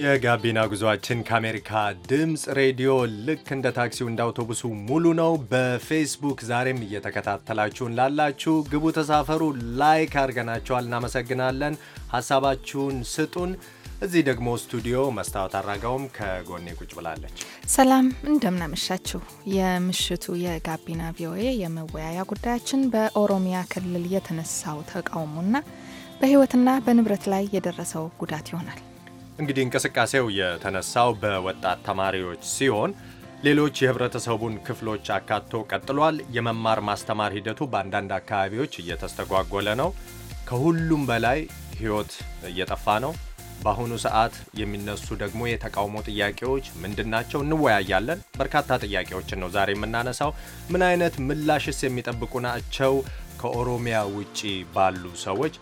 የጋቢና ጉዞአችን ከአሜሪካ ድምፅ ሬዲዮ ልክ እንደ ታክሲው እንደ አውቶቡሱ ሙሉ ነው። በፌስቡክ ዛሬም እየተከታተላችሁን ላላችሁ ግቡ፣ ተሳፈሩ። ላይክ አድርገናቸዋል፣ እናመሰግናለን። ሀሳባችሁን ስጡን። እዚህ ደግሞ ስቱዲዮ መስታወት አራጋውም ከጎኔ ቁጭ ብላለች። ሰላም እንደምናመሻችሁ። የምሽቱ የጋቢና ቪኦኤ የመወያያ ጉዳያችን በኦሮሚያ ክልል የተነሳው ተቃውሞና በሕይወትና በንብረት ላይ የደረሰው ጉዳት ይሆናል። እንግዲህ እንቅስቃሴው የተነሳው በወጣት ተማሪዎች ሲሆን ሌሎች የህብረተሰቡን ክፍሎች አካቶ ቀጥሏል። የመማር ማስተማር ሂደቱ በአንዳንድ አካባቢዎች እየተስተጓጎለ ነው። ከሁሉም በላይ ህይወት እየጠፋ ነው። በአሁኑ ሰዓት የሚነሱ ደግሞ የተቃውሞ ጥያቄዎች ምንድን ናቸው? እንወያያለን። በርካታ ጥያቄዎችን ነው ዛሬ የምናነሳው። ምን አይነት ምላሽስ የሚጠብቁ ናቸው ከኦሮሚያ ውጪ ባሉ ሰዎች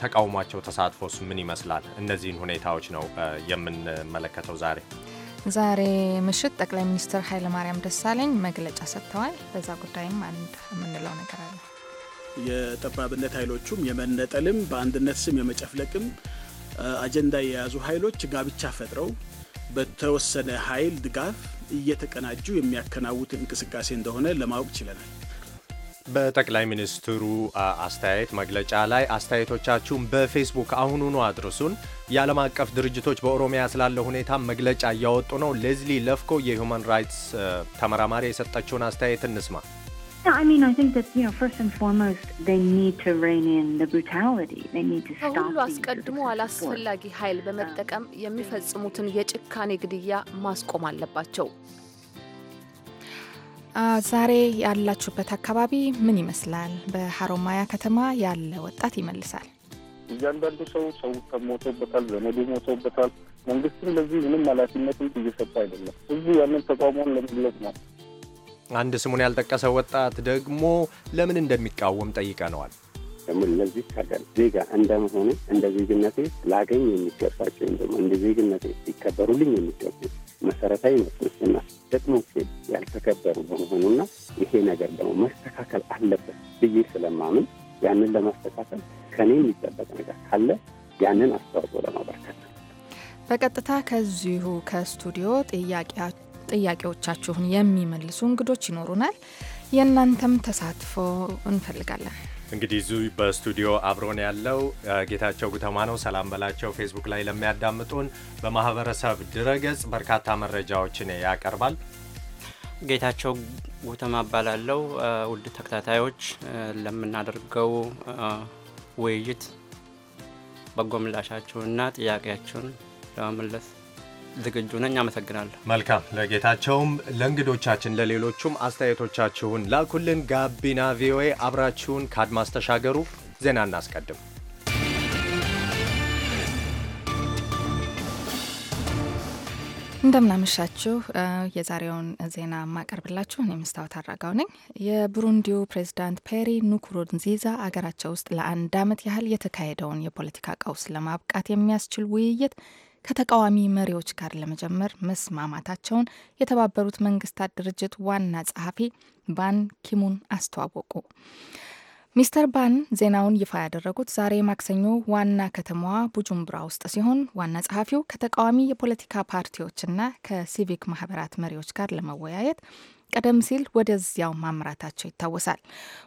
ተቃውሟቸው፣ ተሳትፎስ ምን ይመስላል? እነዚህን ሁኔታዎች ነው የምንመለከተው ዛሬ ዛሬ ምሽት ጠቅላይ ሚኒስትር ኃይለማርያም ደሳለኝ መግለጫ ሰጥተዋል። በዛ ጉዳይም አንድ የምንለው ነገር አለ። የጠባብነት ኃይሎቹም የመነጠልም በአንድነት ስም የመጨፍለቅም አጀንዳ የያዙ ኃይሎች ጋብቻ ፈጥረው በተወሰነ ኃይል ድጋፍ እየተቀናጁ የሚያከናውት እንቅስቃሴ እንደሆነ ለማወቅ ችለናል። በጠቅላይ ሚኒስትሩ አስተያየት መግለጫ ላይ አስተያየቶቻችሁን በፌስቡክ አሁኑኑ አድርሱን። የዓለም አቀፍ ድርጅቶች በኦሮሚያ ስላለ ሁኔታ መግለጫ እያወጡ ነው። ሌዝሊ ለፍኮ የሁማን ራይትስ ተመራማሪ የሰጠችውን አስተያየት እንስማ። ከሁሉ አስቀድሞ አላስፈላጊ ኃይል በመጠቀም የሚፈጽሙትን የጭካኔ ግድያ ማስቆም አለባቸው። ዛሬ ያላችሁበት አካባቢ ምን ይመስላል? በሀሮማያ ከተማ ያለ ወጣት ይመልሳል። እያንዳንዱ ሰው ሰው ሞቶበታል፣ ዘመዱ ሞቶበታል። መንግስትም ለዚህ ምንም ኃላፊነትም እየሰጠ አይደለም። እዚህ ያንን ተቋሙን ለመግለጽ ነው። አንድ ስሙን ያልጠቀሰ ወጣት ደግሞ ለምን እንደሚቃወም ጠይቀነዋል። ደግሞ ለዚህ ሀገር ዜጋ እንደመሆነ እንደ ዜግነቴ ላገኝ የሚገባቸው ወይም ደግሞ እንደ ዜግነቴ ሊከበሩልኝ የሚገቡ መሰረታዊ መስመስና ደግሞም ያልተከበሩ በመሆኑና ይሄ ነገር ደግሞ መስተካከል አለበት ብዬ ስለማምን ያንን ለማስተካከል ከኔ የሚጠበቅ ነገር ካለ ያንን አስተዋጽኦ ለማበርከት ነው። በቀጥታ ከዚሁ ከስቱዲዮ ጥያቄዎቻችሁን የሚመልሱ እንግዶች ይኖሩናል። የእናንተም ተሳትፎ እንፈልጋለን። እንግዲህ እዚሁ በስቱዲዮ አብሮን ያለው ጌታቸው ጉተማ ነው። ሰላም በላቸው። ፌስቡክ ላይ ለሚያዳምጡን በማህበረሰብ ድረገጽ በርካታ መረጃዎችን ያቀርባል። ጌታቸው ጉተማ እባላለሁ። ውድ ተከታታዮች ለምናደርገው ውይይት በጎ ምላሻችሁንና ጥያቄያችሁን ለመመለስ ዝግጁ ነኝ። አመሰግናለሁ። መልካም። ለጌታቸውም፣ ለእንግዶቻችን፣ ለሌሎቹም አስተያየቶቻችሁን ላኩልን። ጋቢና ቪኦኤ አብራችሁን ከአድማስ ተሻገሩ። ዜና እናስቀድም። እንደምናመሻችሁ የዛሬውን ዜና የማቀርብላችሁ እኔ መስታወት አራጋው ነኝ። የቡሩንዲው ፕሬዚዳንት ፔሪ ንኩሩንዚዛ አገራቸው ውስጥ ለአንድ ዓመት ያህል የተካሄደውን የፖለቲካ ቀውስ ለማብቃት የሚያስችል ውይይት ከተቃዋሚ መሪዎች ጋር ለመጀመር መስማማታቸውን የተባበሩት መንግስታት ድርጅት ዋና ጸሐፊ ባን ኪሙን አስተዋወቁ። ሚስተር ባን ዜናውን ይፋ ያደረጉት ዛሬ ማክሰኞ ዋና ከተማዋ ቡጁምብራ ውስጥ ሲሆን ዋና ጸሐፊው ከተቃዋሚ የፖለቲካ ፓርቲዎችና ከሲቪክ ማህበራት መሪዎች ጋር ለመወያየት ቀደም ሲል ወደዚያው ማምራታቸው ይታወሳል።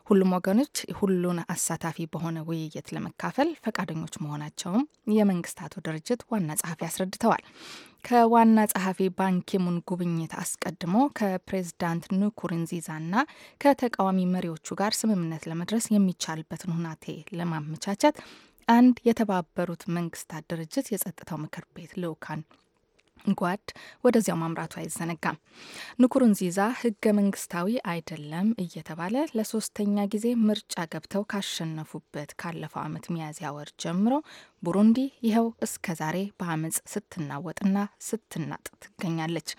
ሁሉም ወገኖች ሁሉን አሳታፊ በሆነ ውይይት ለመካፈል ፈቃደኞች መሆናቸውም የመንግስታቱ ድርጅት ዋና ጸሐፊ አስረድተዋል። ከዋና ጸሐፊ ባንኪሙን ጉብኝት አስቀድሞ ከፕሬዝዳንት ንኩሩንዚዛና ከተቃዋሚ መሪዎቹ ጋር ስምምነት ለመድረስ የሚቻልበትን ሁናቴ ለማመቻቸት አንድ የተባበሩት መንግስታት ድርጅት የጸጥታው ምክር ቤት ልዑካን ጓድ ወደዚያው ማምራቱ አይዘነጋም። ንኩሩንዚዛ ህገ መንግስታዊ አይደለም እየተባለ ለሶስተኛ ጊዜ ምርጫ ገብተው ካሸነፉበት ካለፈው ዓመት ሚያዝያ ወር ጀምሮ ቡሩንዲ ይኸው እስከ ዛሬ በአመፅ ስትናወጥና ስትናጥ ትገኛለች።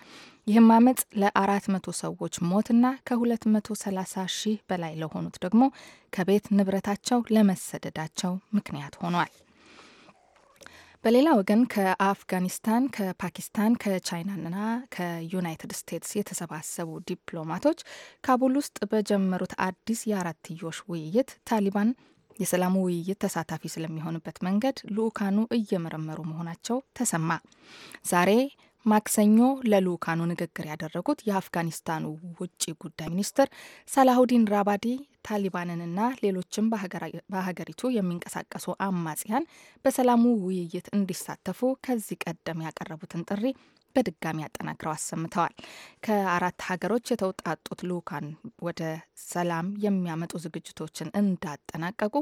ይህም አመፅ ለ400 ሰዎች ሞትና ከ230 ሺህ በላይ ለሆኑት ደግሞ ከቤት ንብረታቸው ለመሰደዳቸው ምክንያት ሆኗል። በሌላ ወገን ከአፍጋኒስታን፣ ከፓኪስታን፣ ከቻይናና ከዩናይትድ ስቴትስ የተሰባሰቡ ዲፕሎማቶች ካቡል ውስጥ በጀመሩት አዲስ የአራትዮሽ ውይይት ታሊባን የሰላሙ ውይይት ተሳታፊ ስለሚሆንበት መንገድ ልኡካኑ እየመረመሩ መሆናቸው ተሰማ ዛሬ ማክሰኞ ለልኡካኑ ንግግር ያደረጉት የአፍጋኒስታኑ ውጭ ጉዳይ ሚኒስትር ሳላሁዲን ራባዲ ታሊባንንና ሌሎችም በሀገሪቱ የሚንቀሳቀሱ አማጽያን በሰላሙ ውይይት እንዲሳተፉ ከዚህ ቀደም ያቀረቡትን ጥሪ በድጋሚ አጠናክረው አሰምተዋል። ከአራት ሀገሮች የተውጣጡት ልዑካን ወደ ሰላም የሚያመጡ ዝግጅቶችን እንዳጠናቀቁ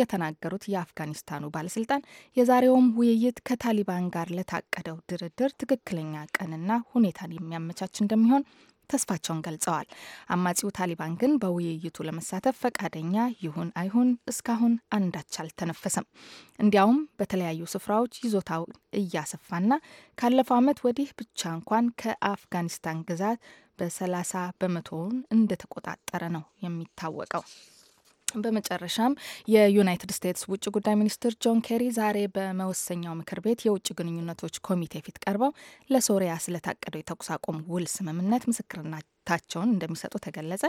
የተናገሩት የአፍጋኒስታኑ ባለስልጣን የዛሬውም ውይይት ከታሊባን ጋር ለታቀደው ድርድር ትክክለኛ ቀንና ሁኔታን የሚያመቻች እንደሚሆን ተስፋቸውን ገልጸዋል። አማጺው ታሊባን ግን በውይይቱ ለመሳተፍ ፈቃደኛ ይሁን አይሁን እስካሁን አንዳች አልተነፈሰም። እንዲያውም በተለያዩ ስፍራዎች ይዞታው እያሰፋና ካለፈው ዓመት ወዲህ ብቻ እንኳን ከአፍጋኒስታን ግዛት በ30 በመቶውን እንደተቆጣጠረ ነው የሚታወቀው። በመጨረሻም የዩናይትድ ስቴትስ ውጭ ጉዳይ ሚኒስትር ጆን ኬሪ ዛሬ በመወሰኛው ምክር ቤት የውጭ ግንኙነቶች ኮሚቴ ፊት ቀርበው ለሶሪያ ስለታቀደው የተኩስ አቁም ውል ስምምነት ምስክርናታቸውን እንደሚሰጡ ተገለጸ።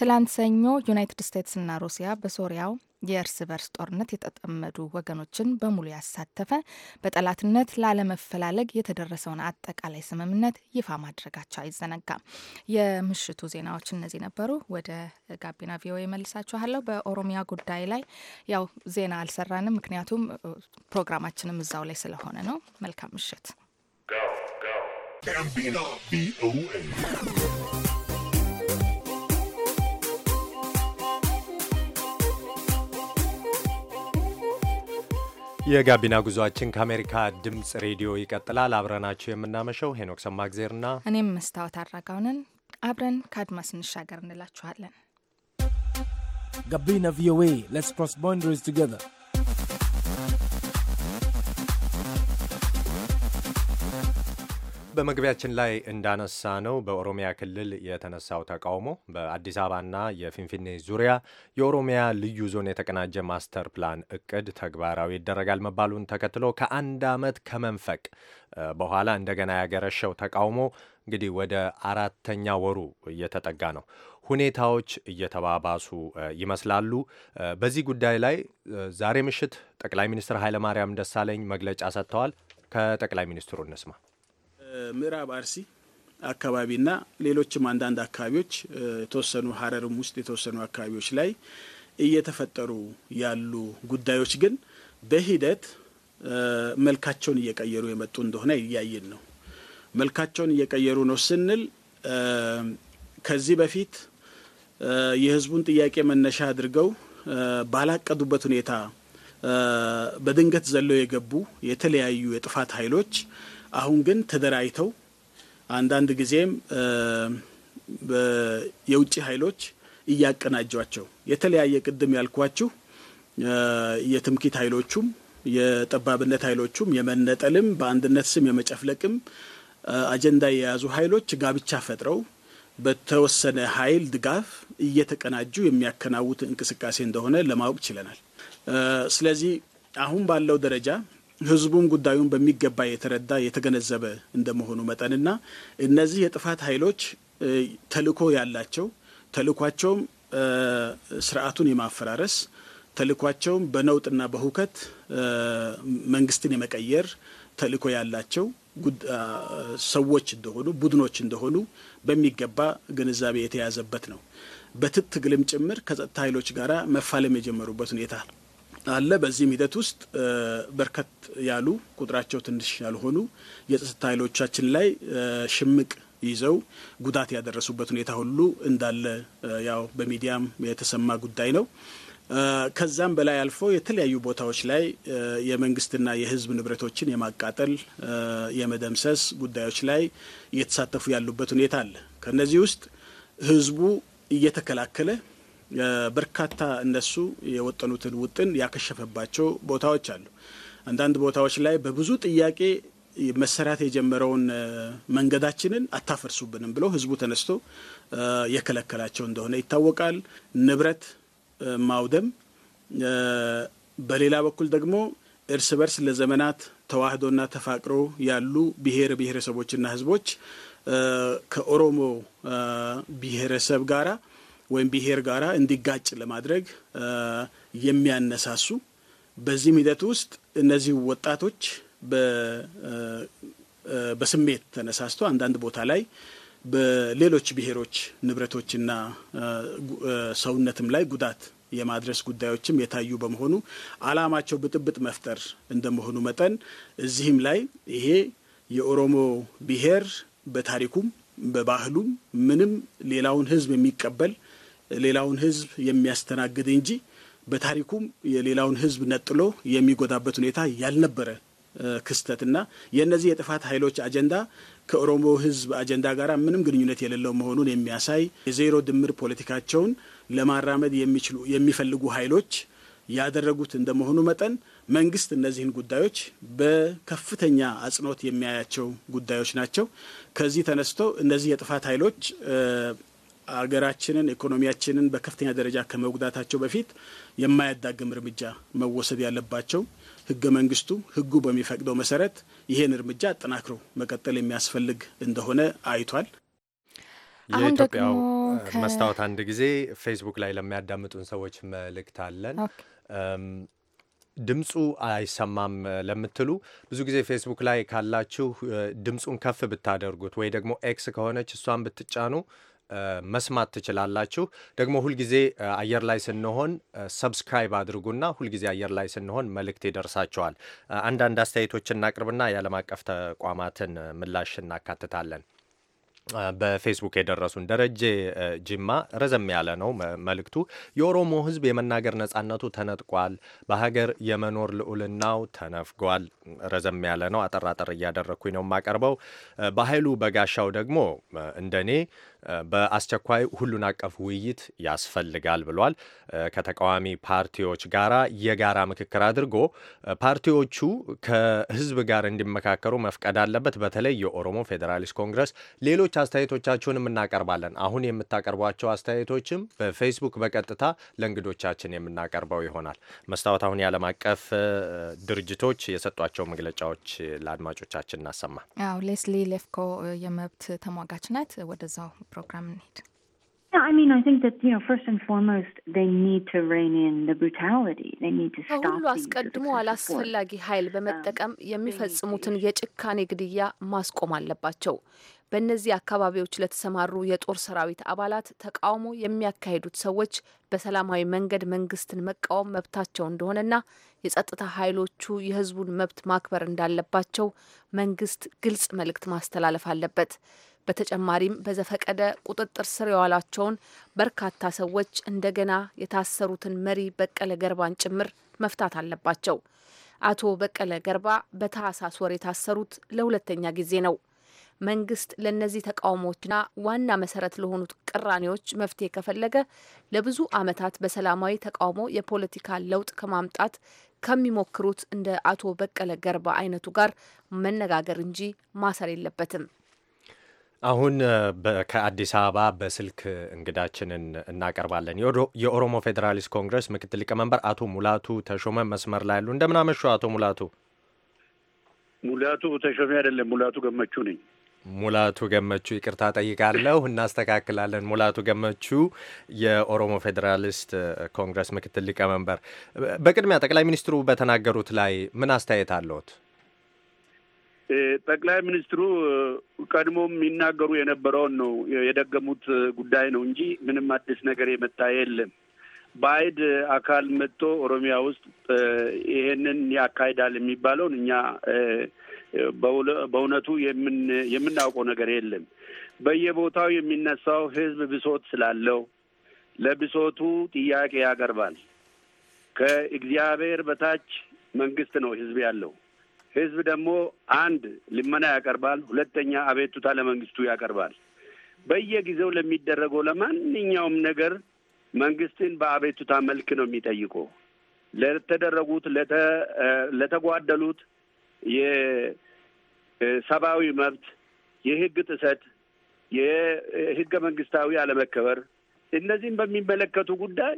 ትላንት ሰኞ ዩናይትድ ስቴትስና ሩሲያ በሶሪያው የእርስ በርስ ጦርነት የተጠመዱ ወገኖችን በሙሉ ያሳተፈ በጠላትነት ላለመፈላለግ የተደረሰውን አጠቃላይ ስምምነት ይፋ ማድረጋቸው አይዘነጋም። የምሽቱ ዜናዎች እነዚህ ነበሩ። ወደ ጋቢና ቪኦኤ መልሳችኋለሁ። በኦሮሚያ ጉዳይ ላይ ያው ዜና አልሰራንም፣ ምክንያቱም ፕሮግራማችንም እዛው ላይ ስለሆነ ነው። መልካም ምሽት። የጋቢና ጉዟችን ከአሜሪካ ድምፅ ሬዲዮ ይቀጥላል። አብረናችሁ የምናመሸው ሄኖክ ሰማግዜርና እኔም መስታወት አድራጋውንን አብረን ከአድማስ እንሻገር እንላችኋለን። ጋቢና ቪኦኤ ሌትስ ክሮስ ቦንደሪስ ቱጌዘር በመግቢያችን ላይ እንዳነሳ ነው በኦሮሚያ ክልል የተነሳው ተቃውሞ በአዲስ አበባና የፊንፊኔ ዙሪያ የኦሮሚያ ልዩ ዞን የተቀናጀ ማስተር ፕላን እቅድ ተግባራዊ ይደረጋል መባሉን ተከትሎ ከአንድ ዓመት ከመንፈቅ በኋላ እንደገና ያገረሸው ተቃውሞ እንግዲህ ወደ አራተኛ ወሩ እየተጠጋ ነው። ሁኔታዎች እየተባባሱ ይመስላሉ። በዚህ ጉዳይ ላይ ዛሬ ምሽት ጠቅላይ ሚኒስትር ኃይለማርያም ደሳለኝ መግለጫ ሰጥተዋል። ከጠቅላይ ሚኒስትሩ እንስማ። ምዕራብ አርሲ አካባቢና ሌሎችም አንዳንድ አካባቢዎች የተወሰኑ ሀረርም ውስጥ የተወሰኑ አካባቢዎች ላይ እየተፈጠሩ ያሉ ጉዳዮች ግን በሂደት መልካቸውን እየቀየሩ የመጡ እንደሆነ እያየን ነው። መልካቸውን እየቀየሩ ነው ስንል ከዚህ በፊት የህዝቡን ጥያቄ መነሻ አድርገው ባላቀዱበት ሁኔታ በድንገት ዘለው የገቡ የተለያዩ የጥፋት ኃይሎች አሁን ግን ተደራጅተው አንዳንድ ጊዜም የውጭ ኃይሎች እያቀናጇቸው የተለያየ ቅድም ያልኳችሁ የትምኪት ኃይሎቹም የጠባብነት ኃይሎቹም የመነጠልም በአንድነት ስም የመጨፍለቅም አጀንዳ የያዙ ኃይሎች ጋብቻ ፈጥረው በተወሰነ ኃይል ድጋፍ እየተቀናጁ የሚያከናውት እንቅስቃሴ እንደሆነ ለማወቅ ችለናል። ስለዚህ አሁን ባለው ደረጃ ህዝቡም ጉዳዩን በሚገባ የተረዳ የተገነዘበ እንደመሆኑ መጠንና እነዚህ የጥፋት ኃይሎች ተልኮ ያላቸው ተልኳቸውም ስርዓቱን የማፈራረስ ተልኳቸውም በነውጥና በሁከት መንግስትን የመቀየር ተልኮ ያላቸው ሰዎች እንደሆኑ ቡድኖች እንደሆኑ በሚገባ ግንዛቤ የተያዘበት ነው። በትጥቅ ትግልም ጭምር ከጸጥታ ኃይሎች ጋር መፋለም የጀመሩበት ሁኔታ ነው። አለ። በዚህም ሂደት ውስጥ በርከት ያሉ ቁጥራቸው ትንሽ ያልሆኑ የጸጥታ ኃይሎቻችን ላይ ሽምቅ ይዘው ጉዳት ያደረሱበት ሁኔታ ሁሉ እንዳለ ያው በሚዲያም የተሰማ ጉዳይ ነው። ከዛም በላይ አልፎ የተለያዩ ቦታዎች ላይ የመንግስትና የህዝብ ንብረቶችን የማቃጠል የመደምሰስ ጉዳዮች ላይ እየተሳተፉ ያሉበት ሁኔታ አለ። ከነዚህ ውስጥ ህዝቡ እየተከላከለ በርካታ እነሱ የወጠኑትን ውጥን ያከሸፈባቸው ቦታዎች አሉ። አንዳንድ ቦታዎች ላይ በብዙ ጥያቄ መሰራት የጀመረውን መንገዳችንን አታፈርሱብንም ብሎ ህዝቡ ተነስቶ የከለከላቸው እንደሆነ ይታወቃል። ንብረት ማውደም፣ በሌላ በኩል ደግሞ እርስ በርስ ለዘመናት ተዋህዶና ተፋቅሮ ያሉ ብሔር ብሔረሰቦችና ህዝቦች ከኦሮሞ ብሔረሰብ ጋራ ወይም ብሔር ጋራ እንዲጋጭ ለማድረግ የሚያነሳሱ በዚህም ሂደት ውስጥ እነዚህ ወጣቶች በስሜት ተነሳስቶ አንዳንድ ቦታ ላይ በሌሎች ብሔሮች ንብረቶችና ሰውነትም ላይ ጉዳት የማድረስ ጉዳዮችም የታዩ በመሆኑ አላማቸው ብጥብጥ መፍጠር እንደመሆኑ መጠን እዚህም ላይ ይሄ የኦሮሞ ብሔር በታሪኩም በባህሉም ምንም ሌላውን ሕዝብ የሚቀበል ሌላውን ህዝብ የሚያስተናግድ እንጂ በታሪኩም የሌላውን ህዝብ ነጥሎ የሚጎዳበት ሁኔታ ያልነበረ ክስተትና የእነዚህ የጥፋት ኃይሎች አጀንዳ ከኦሮሞ ህዝብ አጀንዳ ጋር ምንም ግንኙነት የሌለው መሆኑን የሚያሳይ የዜሮ ድምር ፖለቲካቸውን ለማራመድ የሚችሉ የሚፈልጉ ኃይሎች ያደረጉት እንደመሆኑ መጠን መንግስት እነዚህን ጉዳዮች በከፍተኛ አጽንኦት የሚያያቸው ጉዳዮች ናቸው። ከዚህ ተነስቶ እነዚህ የጥፋት ኃይሎች አገራችንን ኢኮኖሚያችንን በከፍተኛ ደረጃ ከመጉዳታቸው በፊት የማያዳግም እርምጃ መወሰድ ያለባቸው ህገ መንግስቱ ህጉ በሚፈቅደው መሰረት ይህን እርምጃ አጠናክሮ መቀጠል የሚያስፈልግ እንደሆነ አይቷል። የኢትዮጵያው መስታወት አንድ ጊዜ ፌስቡክ ላይ ለሚያዳምጡን ሰዎች መልእክት አለን። ድምፁ አይሰማም ለምትሉ ብዙ ጊዜ ፌስቡክ ላይ ካላችሁ ድምፁን ከፍ ብታደርጉት ወይ ደግሞ ኤክስ ከሆነች እሷን ብትጫኑ መስማት ትችላላችሁ። ደግሞ ሁልጊዜ አየር ላይ ስንሆን ሰብስክራይብ አድርጉና ሁልጊዜ አየር ላይ ስንሆን መልእክት ይደርሳቸዋል። አንዳንድ አስተያየቶች እናቅርብና የዓለም አቀፍ ተቋማትን ምላሽ እናካትታለን። በፌስቡክ የደረሱን ደረጀ ጅማ ረዘም ያለ ነው መልእክቱ። የኦሮሞ ሕዝብ የመናገር ነጻነቱ ተነጥቋል፣ በሀገር የመኖር ልዑልናው ተነፍጓል። ረዘም ያለ ነው፣ አጠራጠር እያደረግኩኝ ነው የማቀርበው። በኃይሉ በጋሻው ደግሞ እንደኔ በአስቸኳይ ሁሉን አቀፍ ውይይት ያስፈልጋል ብሏል። ከተቃዋሚ ፓርቲዎች ጋር የጋራ ምክክር አድርጎ ፓርቲዎቹ ከህዝብ ጋር እንዲመካከሩ መፍቀድ አለበት። በተለይ የኦሮሞ ፌዴራሊስት ኮንግረስ። ሌሎች አስተያየቶቻችሁንም እናቀርባለን። አሁን የምታቀርቧቸው አስተያየቶችም በፌስቡክ በቀጥታ ለእንግዶቻችን የምናቀርበው ይሆናል። መስታወት፣ አሁን የዓለም አቀፍ ድርጅቶች የሰጧቸው መግለጫዎች ለአድማጮቻችን እናሰማ። አዎ ሌስሊ ሌፍኮ የመብት ተሟጋች ናት። ወደዛው ፕሮግራም እንሄድ። ከሁሉ አስቀድሞ አላስፈላጊ ኃይል በመጠቀም um, የሚፈጽሙትን የጭካኔ ግድያ ማስቆም አለባቸው። በእነዚህ አካባቢዎች ለተሰማሩ የጦር ሰራዊት አባላት ተቃውሞ የሚያካሂዱት ሰዎች በሰላማዊ መንገድ መንግስትን መቃወም መብታቸው እንደሆነና የጸጥታ ኃይሎቹ የህዝቡን መብት ማክበር እንዳለባቸው መንግስት ግልጽ መልእክት ማስተላለፍ አለበት። በተጨማሪም በዘፈቀደ ቁጥጥር ስር የዋላቸውን በርካታ ሰዎች እንደገና የታሰሩትን መሪ በቀለ ገርባን ጭምር መፍታት አለባቸው። አቶ በቀለ ገርባ በታህሳስ ወር የታሰሩት ለሁለተኛ ጊዜ ነው። መንግስት ለእነዚህ ተቃውሞዎችና ዋና መሰረት ለሆኑት ቅራኔዎች መፍትሄ ከፈለገ ለብዙ ዓመታት በሰላማዊ ተቃውሞ የፖለቲካ ለውጥ ከማምጣት ከሚሞክሩት እንደ አቶ በቀለ ገርባ አይነቱ ጋር መነጋገር እንጂ ማሰር የለበትም። አሁን ከአዲስ አበባ በስልክ እንግዳችንን እናቀርባለን። የኦሮሞ ፌዴራሊስት ኮንግረስ ምክትል ሊቀመንበር አቶ ሙላቱ ተሾመ መስመር ላይ ያሉ። እንደምናመሹ አቶ ሙላቱ። ሙላቱ ተሾመ አይደለም፣ ሙላቱ ገመቹ ነኝ። ሙላቱ ገመቹ ይቅርታ ጠይቃለሁ፣ እናስተካክላለን። ሙላቱ ገመቹ የኦሮሞ ፌዴራሊስት ኮንግረስ ምክትል ሊቀመንበር፣ በቅድሚያ ጠቅላይ ሚኒስትሩ በተናገሩት ላይ ምን አስተያየት አለዎት? ጠቅላይ ሚኒስትሩ ቀድሞ የሚናገሩ የነበረውን ነው የደገሙት ጉዳይ ነው እንጂ ምንም አዲስ ነገር የመጣ የለም። በአይድ አካል መጥቶ ኦሮሚያ ውስጥ ይሄንን ያካሂዳል የሚባለውን እኛ በእውነቱ የምናውቀው ነገር የለም። በየቦታው የሚነሳው ህዝብ ብሶት ስላለው ለብሶቱ ጥያቄ ያቀርባል። ከእግዚአብሔር በታች መንግስት ነው ህዝብ ያለው ህዝብ ደግሞ አንድ ልመና ያቀርባል፣ ሁለተኛ አቤቱታ ለመንግስቱ ያቀርባል። በየጊዜው ለሚደረገው ለማንኛውም ነገር መንግስትን በአቤቱታ መልክ ነው የሚጠይቀው። ለተደረጉት ለተጓደሉት የሰብአዊ መብት፣ የህግ ጥሰት፣ የህገ መንግስታዊ አለመከበር እነዚህም በሚመለከቱ ጉዳይ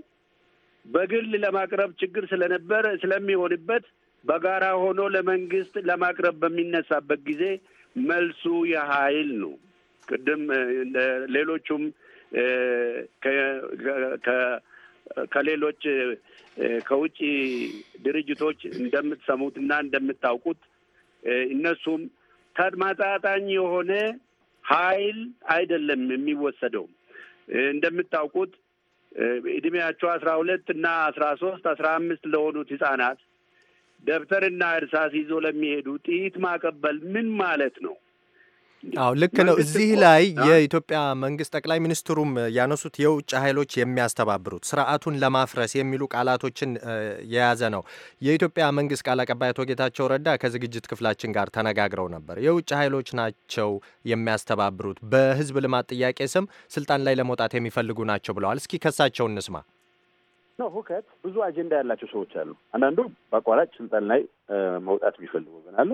በግል ለማቅረብ ችግር ስለነበረ ስለሚሆንበት በጋራ ሆኖ ለመንግስት ለማቅረብ በሚነሳበት ጊዜ መልሱ የኃይል ነው። ቅድም ሌሎቹም ከሌሎች ከውጭ ድርጅቶች እንደምትሰሙት እና እንደምታውቁት እነሱም ተመጣጣኝ የሆነ ኃይል አይደለም የሚወሰደው። እንደምታውቁት እድሜያቸው አስራ ሁለት እና አስራ ሶስት አስራ አምስት ለሆኑት ህጻናት ደብተርና እርሳስ ይዞ ለሚሄዱ ጥይት ማቀበል ምን ማለት ነው? አዎ ልክ ነው። እዚህ ላይ የኢትዮጵያ መንግስት ጠቅላይ ሚኒስትሩም ያነሱት የውጭ ኃይሎች የሚያስተባብሩት ስርዓቱን ለማፍረስ የሚሉ ቃላቶችን የያዘ ነው። የኢትዮጵያ መንግስት ቃል አቀባይ አቶ ጌታቸው ረዳ ከዝግጅት ክፍላችን ጋር ተነጋግረው ነበር። የውጭ ኃይሎች ናቸው የሚያስተባብሩት፣ በህዝብ ልማት ጥያቄ ስም ስልጣን ላይ ለመውጣት የሚፈልጉ ናቸው ብለዋል። እስኪ ከሳቸው እንስማ። ነው ሁከት ብዙ አጀንዳ ያላቸው ሰዎች አሉ። አንዳንዱ በአቋራጭ ስልጣን ላይ መውጣት የሚፈልጉ ግን አለ።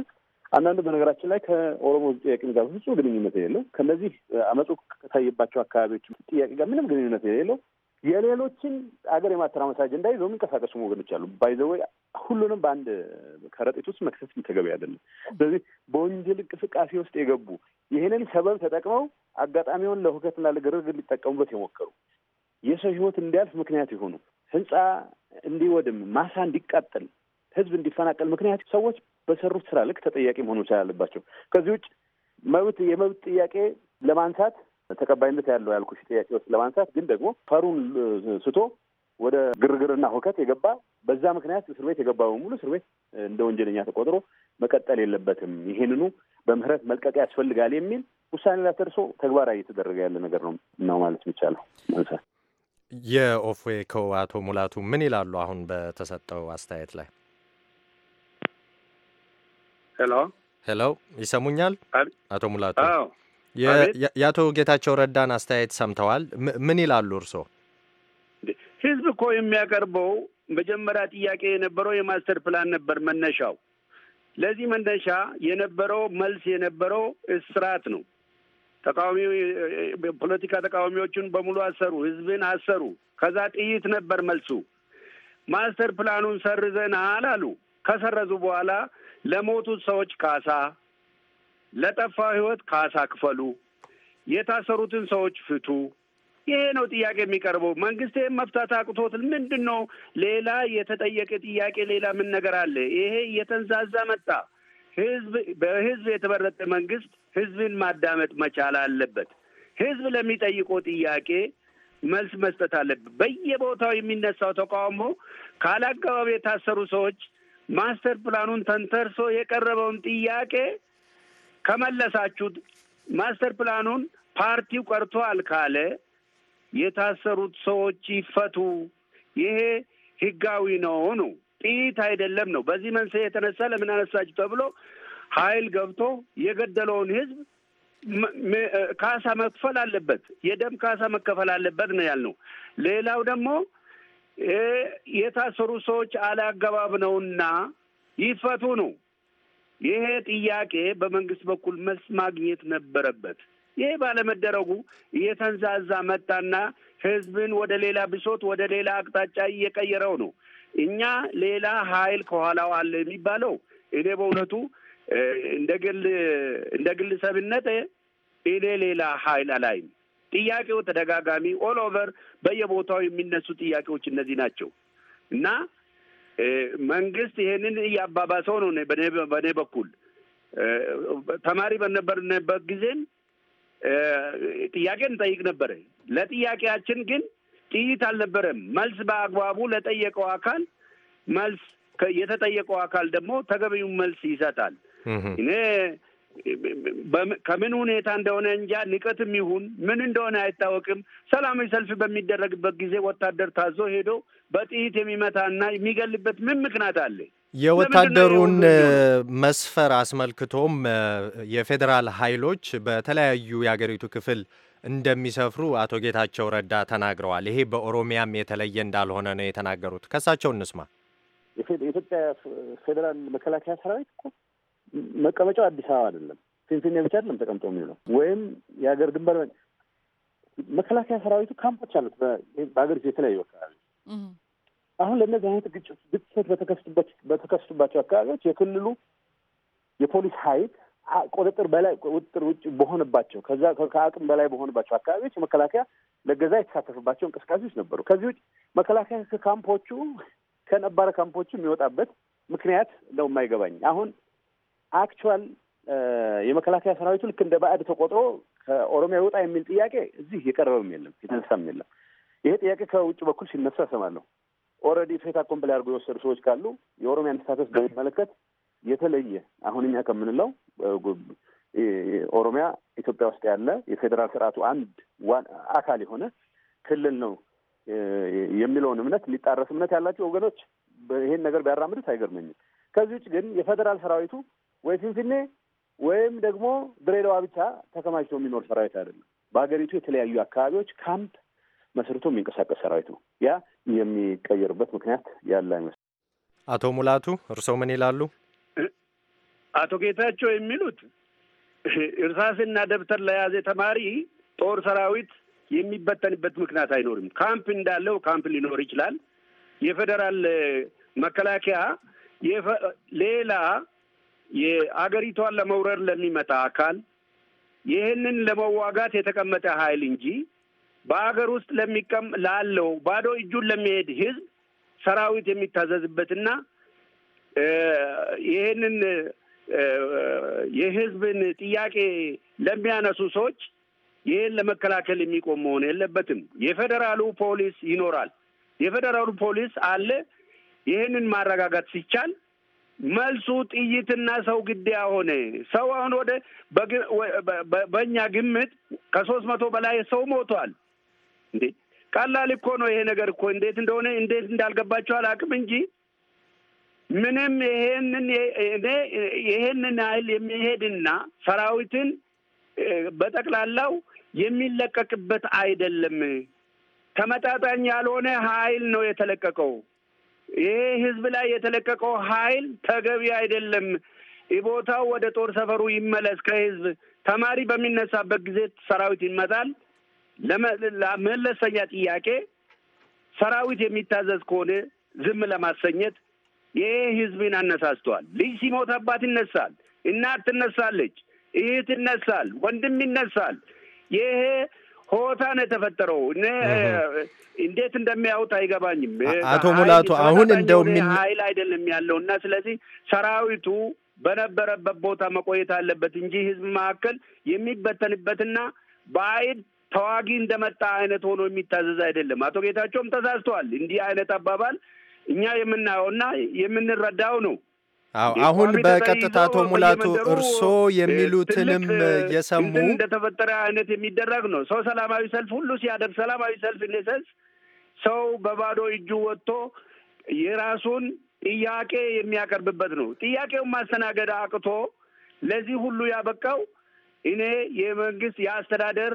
አንዳንዱ በነገራችን ላይ ከኦሮሞ ጥያቄም ጋር ፍጹም ግንኙነት የሌለው ከነዚህ አመፁ ከታየባቸው አካባቢዎች ጥያቄ ጋር ምንም ግንኙነት የሌለው የሌሎችን አገር የማተራመስ አጀንዳ ይዘው የሚንቀሳቀሱ ወገኖች አሉ። ባይዘወይ ሁሉንም በአንድ ከረጢት ውስጥ መክሰስ ተገቢ አይደለም። ስለዚህ በወንጀል እንቅስቃሴ ውስጥ የገቡ ይህንን ሰበብ ተጠቅመው አጋጣሚውን ለሁከትና ለግርግር ሊጠቀሙበት የሞከሩ የሰው ሕይወት እንዲያልፍ ምክንያት የሆኑ ህንፃ እንዲወድም፣ ማሳ እንዲቃጠል፣ ህዝብ እንዲፈናቀል ምክንያት ሰዎች በሰሩት ስራ ልክ ተጠያቂ መሆኑ መቻል አለባቸው። ከዚህ ውጭ መብት የመብት ጥያቄ ለማንሳት ተቀባይነት ያለው ያልኩሽ ጥያቄ ውስጥ ለማንሳት ግን ደግሞ ፈሩን ስቶ ወደ ግርግርና ሁከት የገባ በዛ ምክንያት እስር ቤት የገባ በሙሉ እስር ቤት እንደ ወንጀለኛ ተቆጥሮ መቀጠል የለበትም። ይሄንኑ በምህረት መልቀቅ ያስፈልጋል የሚል ውሳኔ ላይ ተደርሶ ተግባራዊ እየተደረገ ያለ ነገር ነው ነው ማለት የሚቻለው። የኦፌኮ አቶ ሙላቱ ምን ይላሉ? አሁን በተሰጠው አስተያየት ላይ ሄሎ ሄሎ፣ ይሰሙኛል አቶ ሙላቱ? የአቶ ጌታቸው ረዳን አስተያየት ሰምተዋል። ምን ይላሉ እርስዎ? ህዝብ እኮ የሚያቀርበው መጀመሪያ ጥያቄ የነበረው የማስተር ፕላን ነበር መነሻው። ለዚህ መነሻ የነበረው መልስ የነበረው እስራት ነው። ተቃዋሚ ፖለቲካ ተቃዋሚዎቹን በሙሉ አሰሩ፣ ህዝብን አሰሩ። ከዛ ጥይት ነበር መልሱ። ማስተር ፕላኑን ሰርዘናል አሉ። ከሰረዙ በኋላ ለሞቱት ሰዎች ካሳ፣ ለጠፋው ህይወት ካሳ ክፈሉ፣ የታሰሩትን ሰዎች ፍቱ። ይሄ ነው ጥያቄ የሚቀርበው። መንግስት መፍታት አቅቶት ምንድን ነው ሌላ የተጠየቀ ጥያቄ? ሌላ ምን ነገር አለ? ይሄ እየተንዛዛ መጣ። ህዝብ በህዝብ የተመረጠ መንግስት ህዝብን ማዳመጥ መቻል አለበት። ህዝብ ለሚጠይቀው ጥያቄ መልስ መስጠት አለበት። በየቦታው የሚነሳው ተቃውሞ ካለ አግባብ የታሰሩ ሰዎች ማስተር ፕላኑን ተንተርሶ የቀረበውን ጥያቄ ከመለሳችሁት ማስተር ፕላኑን ፓርቲው ቀርቷል ካለ የታሰሩት ሰዎች ይፈቱ፣ ይሄ ህጋዊ ነው ነው ጥይት አይደለም ነው። በዚህ መንስኤ የተነሳ ለምን አነሳች ተብሎ ኃይል ገብቶ የገደለውን ህዝብ ካሳ መክፈል አለበት፣ የደም ካሳ መከፈል አለበት ነው ያልነው። ሌላው ደግሞ የታሰሩ ሰዎች አላገባብ ነውና ይፈቱ ነው። ይሄ ጥያቄ በመንግስት በኩል መልስ ማግኘት ነበረበት። ይሄ ባለመደረጉ እየተንዛዛ መጣና ህዝብን ወደ ሌላ ብሶት፣ ወደ ሌላ አቅጣጫ እየቀየረው ነው። እኛ ሌላ ሀይል ከኋላው አለ የሚባለው እኔ በእውነቱ እንደ ግል እንደ እኔ ሌላ ሀይል አላይም። ጥያቄው ተደጋጋሚ ኦል ኦቨር በየቦታው የሚነሱ ጥያቄዎች እነዚህ ናቸው እና መንግስት ይሄንን እያባባሰው ነው። በእኔ በኩል ተማሪ በነበርንበት ጊዜም ጥያቄ እንጠይቅ ነበረ። ለጥያቄያችን ግን ጥይት አልነበረም። መልስ በአግባቡ ለጠየቀው አካል መልስ የተጠየቀው አካል ደግሞ ተገቢውን መልስ ይሰጣል። እኔ ከምን ሁኔታ እንደሆነ እንጃ ንቀትም ይሁን ምን እንደሆነ አይታወቅም። ሰላማዊ ሰልፍ በሚደረግበት ጊዜ ወታደር ታዞ ሄዶ በጥይት የሚመታና የሚገልበት ምን ምክንያት አለ? የወታደሩን መስፈር አስመልክቶም የፌዴራል ኃይሎች በተለያዩ የአገሪቱ ክፍል እንደሚሰፍሩ አቶ ጌታቸው ረዳ ተናግረዋል። ይሄ በኦሮሚያም የተለየ እንዳልሆነ ነው የተናገሩት። ከእሳቸው እንስማ። የኢትዮጵያ ፌዴራል መከላከያ ሰራዊት እኮ መቀመጫው አዲስ አበባ አይደለም፣ ፊንፊኔ ብቻ አይደለም ተቀምጦ የሚውለው ወይም የሀገር ድንበር መከላከያ ሰራዊቱ ካምፖች አሉት በሀገሪቱ የተለያዩ አካባቢ። አሁን ለእነዚህ አይነት ግጭቶች በተከሰቱባቸው አካባቢዎች የክልሉ የፖሊስ ኃይል ቁጥጥር በላይ ቁጥጥር ውጭ በሆነባቸው ከዛ ከአቅም በላይ በሆነባቸው አካባቢዎች መከላከያ ለገዛ የተሳተፈባቸው እንቅስቃሴዎች ነበሩ። ከዚህ ውጭ መከላከያ ከካምፖቹ ከነባረ ካምፖቹ የሚወጣበት ምክንያት ነው የማይገባኝ አሁን አክቹዋል የመከላከያ ሰራዊቱ ልክ እንደ ባዕድ ተቆጥሮ ከኦሮሚያ ይወጣ የሚል ጥያቄ እዚህ የቀረበም የለም የተነሳም የለም። ይሄ ጥያቄ ከውጭ በኩል ሲነሳ እሰማለሁ። ኦልሬዲ ፌታ ኮምፕል አድርጎ የወሰዱ ሰዎች ካሉ የኦሮሚያን ተሳተፍ በሚመለከት የተለየ አሁን እኛ ከምንለው ኦሮሚያ ኢትዮጵያ ውስጥ ያለ የፌዴራል ስርዓቱ አንድ አካል የሆነ ክልል ነው የሚለውን እምነት ሊጣረስ እምነት ያላቸው ወገኖች ይሄን ነገር ቢያራምዱት አይገርመኝም። ከዚህ ውጭ ግን የፌዴራል ሰራዊቱ ወይ ፊንፊኔ ወይም ደግሞ ድሬዳዋ ብቻ ተከማችቶ የሚኖር ሰራዊት አይደለም። በሀገሪቱ የተለያዩ አካባቢዎች ካምፕ መስርቶ የሚንቀሳቀስ ሰራዊት ነው። ያ የሚቀየርበት ምክንያት ያለ አይመስል። አቶ ሙላቱ እርስዎ ምን ይላሉ? አቶ ጌታቸው የሚሉት እርሳስና ደብተር ለያዘ ተማሪ ጦር ሰራዊት የሚበተንበት ምክንያት አይኖርም። ካምፕ እንዳለው ካምፕ ሊኖር ይችላል። የፌዴራል መከላከያ ሌላ የአገሪቷን ለመውረር ለሚመጣ አካል ይህንን ለመዋጋት የተቀመጠ ኃይል እንጂ በሀገር ውስጥ ለሚቀም ላለው ባዶ እጁን ለሚሄድ ህዝብ ሰራዊት የሚታዘዝበትና ይህንን የህዝብን ጥያቄ ለሚያነሱ ሰዎች ይህን ለመከላከል የሚቆም መሆን የለበትም። የፌዴራሉ ፖሊስ ይኖራል። የፌዴራሉ ፖሊስ አለ። ይህንን ማረጋጋት ሲቻል መልሱ ጥይትና ሰው ግድያ ሆነ። ሰው አሁን ወደ በእኛ ግምት ከሶስት መቶ በላይ ሰው ሞቷል። እንዴ ቀላል እኮ ነው ይሄ ነገር እኮ እንዴት እንደሆነ እንዴት እንዳልገባቸው አላውቅም እንጂ ምንም ይሄንን ይሄንን ያህል የሚሄድና ሰራዊትን በጠቅላላው የሚለቀቅበት አይደለም። ተመጣጣኝ ያልሆነ ኃይል ነው የተለቀቀው። ይሄ ህዝብ ላይ የተለቀቀው ኃይል ተገቢ አይደለም። ቦታው ወደ ጦር ሰፈሩ ይመለስ። ከህዝብ ተማሪ በሚነሳበት ጊዜ ሰራዊት ይመጣል። ለመለሰኛ ጥያቄ ሰራዊት የሚታዘዝ ከሆነ ዝም ለማሰኘት ይህ ህዝብን አነሳስተዋል። ልጅ ሲሞት አባት ይነሳል፣ እናት ትነሳለች፣ እህት ይነሳል፣ ወንድም ይነሳል። ይሄ ሆታ ነው የተፈጠረው። እንዴት እንደሚያውት አይገባኝም። አቶ ሙላቱ አሁን እንደው ሀይል አይደለም ያለው እና ስለዚህ ሰራዊቱ በነበረበት ቦታ መቆየት አለበት እንጂ ህዝብ መካከል የሚበተንበትና በአይድ ተዋጊ እንደመጣ አይነት ሆኖ የሚታዘዝ አይደለም። አቶ ጌታቸውም ተሳስተዋል። እንዲህ አይነት አባባል እኛ የምናየውና የምንረዳው ነው። አዎ አሁን በቀጥታ አቶ ሙላቱ እርሶ የሚሉትንም የሰሙ እንደተፈጠረ አይነት የሚደረግ ነው። ሰው ሰላማዊ ሰልፍ ሁሉ ሲያደርግ ሰላማዊ ሰልፍ እንደሰልፍ ሰው በባዶ እጁ ወጥቶ የራሱን ጥያቄ የሚያቀርብበት ነው። ጥያቄውን ማስተናገድ አቅቶ ለዚህ ሁሉ ያበቃው እኔ የመንግስት የአስተዳደር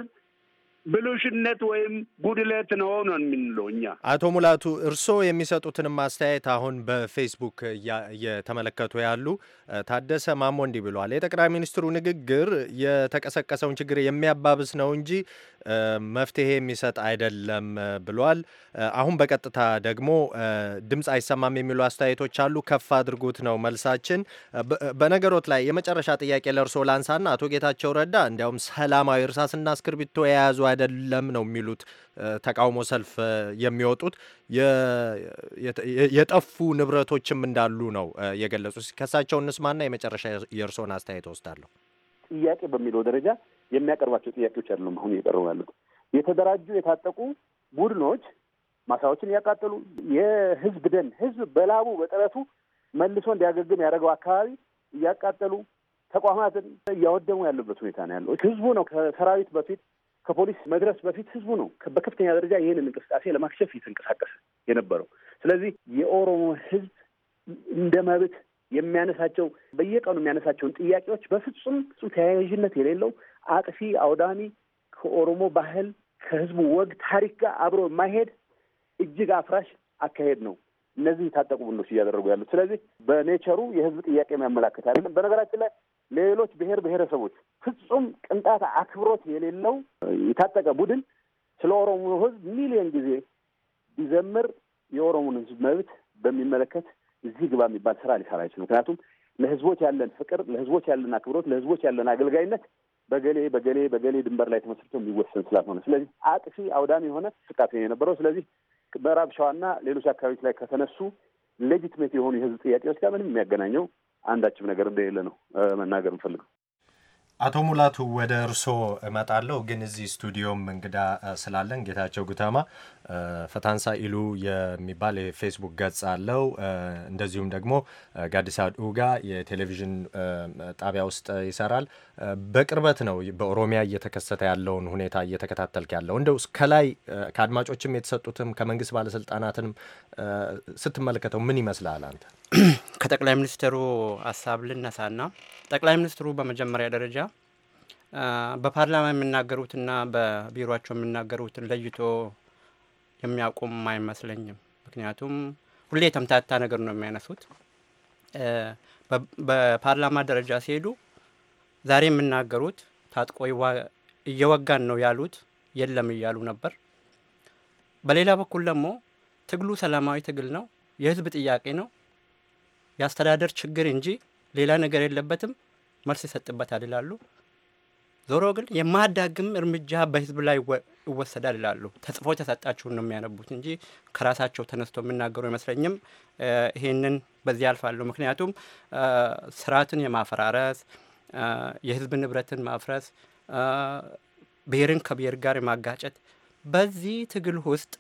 ብልሽነት ወይም ጉድለት ነው ነው የምንለው እኛ። አቶ ሙላቱ እርስዎ የሚሰጡትን ማስተያየት አሁን በፌስቡክ እየተመለከቱ ያሉ ታደሰ ማሞ እንዲህ ብሏል። የጠቅላይ ሚኒስትሩ ንግግር የተቀሰቀሰውን ችግር የሚያባብስ ነው እንጂ መፍትሄ የሚሰጥ አይደለም ብሏል። አሁን በቀጥታ ደግሞ ድምፅ አይሰማም የሚሉ አስተያየቶች አሉ። ከፍ አድርጉት ነው መልሳችን። በነገሮት ላይ የመጨረሻ ጥያቄ ለእርስዎ ላንሳና አቶ ጌታቸው ረዳ እንዲያውም ሰላማዊ እርሳስና እስክርቢቶ የያዙ አይደለም ነው የሚሉት ተቃውሞ ሰልፍ የሚወጡት። የጠፉ ንብረቶችም እንዳሉ ነው የገለጹት። ከሳቸው እንስማና የመጨረሻ የእርስዎን አስተያየት ወስዳለሁ። ጥያቄ በሚለው ደረጃ የሚያቀርባቸው ጥያቄዎች አይደሉም አሁን እየቀረቡ ያሉት። የተደራጁ የታጠቁ ቡድኖች ማሳዎችን እያቃጠሉ የህዝብ ደን ህዝብ በላቡ በጥረቱ መልሶ እንዲያገግም ያደረገው አካባቢ እያቃጠሉ ተቋማትን እያወደሙ ያለበት ሁኔታ ነው ያለው። ህዝቡ ነው ከሰራዊት በፊት ከፖሊስ መድረስ በፊት ህዝቡ ነው በከፍተኛ ደረጃ ይህንን እንቅስቃሴ ለማክሸፍ እየተንቀሳቀሰ የነበረው። ስለዚህ የኦሮሞ ህዝብ እንደ መብት የሚያነሳቸው በየቀኑ የሚያነሳቸውን ጥያቄዎች በፍጹም ተያያዥነት የሌለው አጥፊ አውዳሚ ከኦሮሞ ባህል ከህዝቡ ወግ ታሪክ ጋር አብሮ የማይሄድ እጅግ አፍራሽ አካሄድ ነው እነዚህ የታጠቁ ቡድኖች እያደረጉ ያሉት። ስለዚህ በኔቸሩ የህዝብ ጥያቄ የሚያመላክት አይደለም። በነገራችን ላይ ለሌሎች ብሔር ብሔረሰቦች ፍጹም ቅንጣት አክብሮት የሌለው የታጠቀ ቡድን ስለ ኦሮሞ ህዝብ ሚሊዮን ጊዜ ቢዘምር የኦሮሞን ህዝብ መብት በሚመለከት እዚህ ግባ የሚባል ስራ ሊሰራ አይችል። ምክንያቱም ለህዝቦች ያለን ፍቅር፣ ለህዝቦች ያለን አክብሮት፣ ለህዝቦች ያለን አገልጋይነት በገሌ በገሌ በገሌ ድንበር ላይ ተመስርቶ የሚወሰን ስላልሆነ ስለዚህ አጥፊ አውዳሚ የሆነ ስቃት የነበረው ስለዚህ ምዕራብ ሸዋና ሌሎች አካባቢዎች ላይ ከተነሱ ሌጂትሜት የሆኑ የህዝብ ጥያቄዎች ጋር ምንም የሚያገናኘው አንዳችም ነገር እንደሌለ ነው መናገር እንፈልገው። አቶ ሙላቱ ወደ እርስዎ እመጣለሁ፣ ግን እዚህ ስቱዲዮም እንግዳ ስላለን ጌታቸው ጉተማ ፈታንሳ ኢሉ የሚባል የፌስቡክ ገጽ አለው። እንደዚሁም ደግሞ ጋዲሳ ዱጋ የቴሌቪዥን ጣቢያ ውስጥ ይሰራል። በቅርበት ነው በኦሮሚያ እየተከሰተ ያለውን ሁኔታ እየተከታተልክ ያለው። እንደው ከላይ ከአድማጮችም የተሰጡትም ከመንግስት ባለስልጣናትንም ስትመለከተው ምን ይመስላል አንተ? ከጠቅላይ ሚኒስትሩ ሀሳብ ልነሳና ጠቅላይ ሚኒስትሩ በመጀመሪያ ደረጃ በፓርላማ የሚናገሩትና በቢሮቸው የሚናገሩትን ለይቶ የሚያውቁም አይመስለኝም። ምክንያቱም ሁሌ የተምታታ ነገር ነው የሚያነሱት። በፓርላማ ደረጃ ሲሄዱ ዛሬ የሚናገሩት ታጥቆ እየወጋን ነው ያሉት የለም እያሉ ነበር። በሌላ በኩል ደግሞ ትግሉ ሰላማዊ ትግል ነው፣ የህዝብ ጥያቄ ነው የአስተዳደር ችግር እንጂ ሌላ ነገር የለበትም፣ መልስ ይሰጥበታል ይላሉ። ዞሮ ግን የማዳግም እርምጃ በህዝብ ላይ ይወሰዳል ይላሉ። ተጽፎ የተሰጣችሁን ነው የሚያነቡት እንጂ ከራሳቸው ተነስቶ የሚናገሩ አይመስለኝም። ይህንን በዚህ ያልፋሉ። ምክንያቱም ስርዓትን የማፈራረስ የህዝብ ንብረትን ማፍረስ፣ ብሔርን ከብሔር ጋር የማጋጨት በዚህ ትግል ውስጥ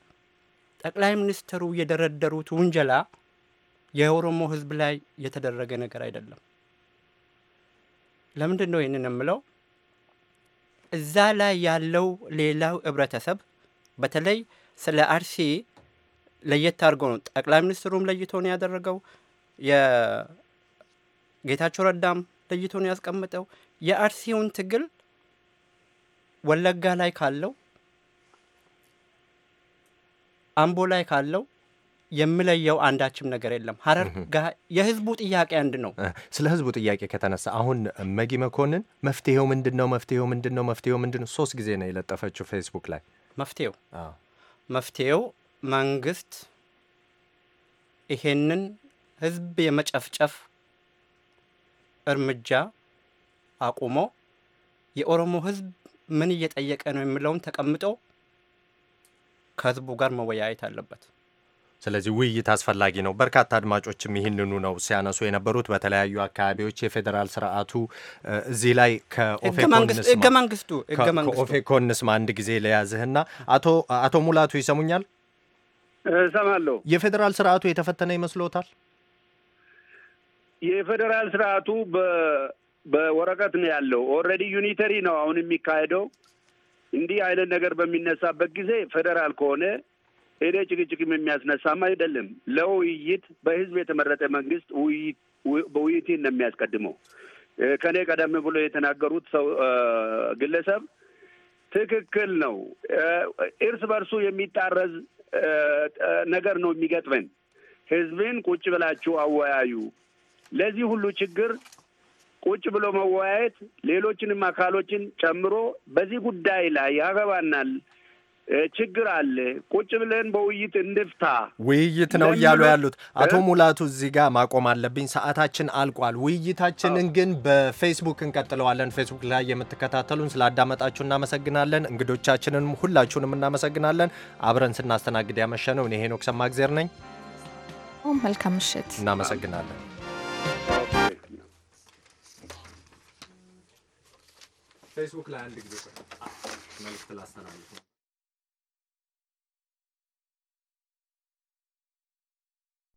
ጠቅላይ ሚኒስትሩ የደረደሩት ውንጀላ የኦሮሞ ህዝብ ላይ የተደረገ ነገር አይደለም። ለምንድን ነው ይህንን የምለው? እዛ ላይ ያለው ሌላው ህብረተሰብ በተለይ ስለ አርሲ ለየት አድርጎ ነው ጠቅላይ ሚኒስትሩም ለይቶ ነው ያደረገው። የጌታቸው ረዳም ለይቶ ነው ያስቀምጠው። የአርሲውን ትግል ወለጋ ላይ ካለው አምቦ ላይ ካለው የምለየው አንዳችም ነገር የለም። ሀረር የህዝቡ ጥያቄ አንድ ነው። ስለ ህዝቡ ጥያቄ ከተነሳ አሁን መጊ መኮንን መፍትሄው ምንድን ነው? መፍትሄው ምንድን ነው? መፍትሄው ምንድን ነው? ሶስት ጊዜ ነው የለጠፈችው ፌስቡክ ላይ መፍትሄው መፍትሄው መንግስት ይሄንን ህዝብ የመጨፍጨፍ እርምጃ አቁሞ የኦሮሞ ህዝብ ምን እየጠየቀ ነው የሚለውን ተቀምጦ ከህዝቡ ጋር መወያየት አለበት። ስለዚህ ውይይት አስፈላጊ ነው። በርካታ አድማጮችም ይህንኑ ነው ሲያነሱ የነበሩት በተለያዩ አካባቢዎች የፌዴራል ስርዓቱ እዚህ ላይ ከኦፌኮ እንስማ አንድ ጊዜ ለያዝህና አቶ ሙላቱ ይሰሙኛል? እሰማለሁ። የፌዴራል ስርዓቱ የተፈተነ ይመስሎታል? የፌዴራል ስርዓቱ በወረቀት ነው ያለው። ኦልሬዲ ዩኒተሪ ነው አሁን የሚካሄደው። እንዲህ አይነት ነገር በሚነሳበት ጊዜ ፌዴራል ከሆነ ሄደ ጭቅጭቅም የሚያስነሳም አይደለም። ለውይይት በህዝብ የተመረጠ መንግስት ውይይት ነው የሚያስቀድመው። ከኔ ቀደም ብሎ የተናገሩት ሰው ግለሰብ ትክክል ነው። እርስ በርሱ የሚጣረዝ ነገር ነው የሚገጥመን። ህዝብን ቁጭ ብላችሁ አወያዩ። ለዚህ ሁሉ ችግር ቁጭ ብሎ መወያየት ሌሎችንም አካሎችን ጨምሮ በዚህ ጉዳይ ላይ ያገባናል ችግር አለ። ቁጭ ብለን በውይይት እንድፍታ ውይይት ነው እያሉ ያሉት አቶ ሙላቱ። እዚህ ጋር ማቆም አለብኝ፣ ሰዓታችን አልቋል። ውይይታችንን ግን በፌስቡክ እንቀጥለዋለን። ፌስቡክ ላይ የምትከታተሉን ስላዳመጣችሁ እናመሰግናለን። እንግዶቻችንንም ሁላችሁንም እናመሰግናለን። አብረን ስናስተናግድ ያመሸ ነው። እኔ ሄኖክ ሰማእግዜር ነኝ። መልካም ምሽት። እናመሰግናለን። ፌስቡክ ላይ አንድ ጊዜ መልዕክት ላስተላልፍ